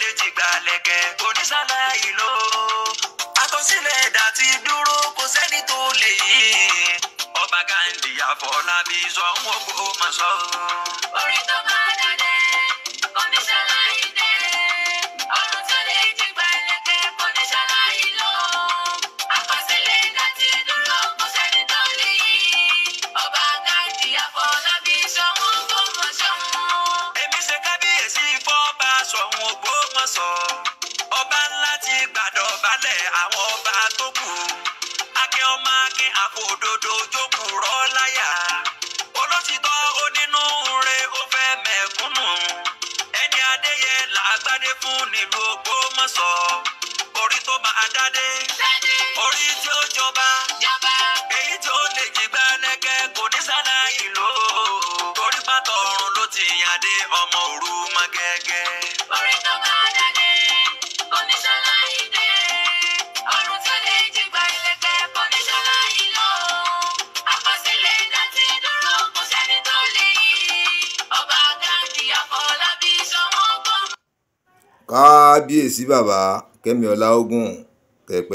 lè ti gbàlẹ̀kẹ̀ oníṣàlàyé lọ. àkọsílẹ̀ ẹ̀dá ti dúró kò sẹ́ni tó lè yí. ọba gandhi àfọlábí sọ ń wọ́pọ̀ máa sọ. àwọn ọba tó kù akẹ́ ọmọ akẹ́ àfòdodo jókòó rọ́ láyà olóṣìtọ́ onínúure ó fẹ́ mẹ̀kúnnù ẹni adéyẹ làgbádé fún nílùú Ògbómọ̀ṣọ́ orí tó máa dádé orí tí ó jọba èyí tí ó lè jìgbà lẹ́gẹ́ kò ní sáláyìí lò ó torí pátọ̀ ọ̀run ló ti yàn dé ọmọ òru mọ́gẹ́. kábíyèsí bàbá kẹ́mi ọláógún kẹ̀pẹ́.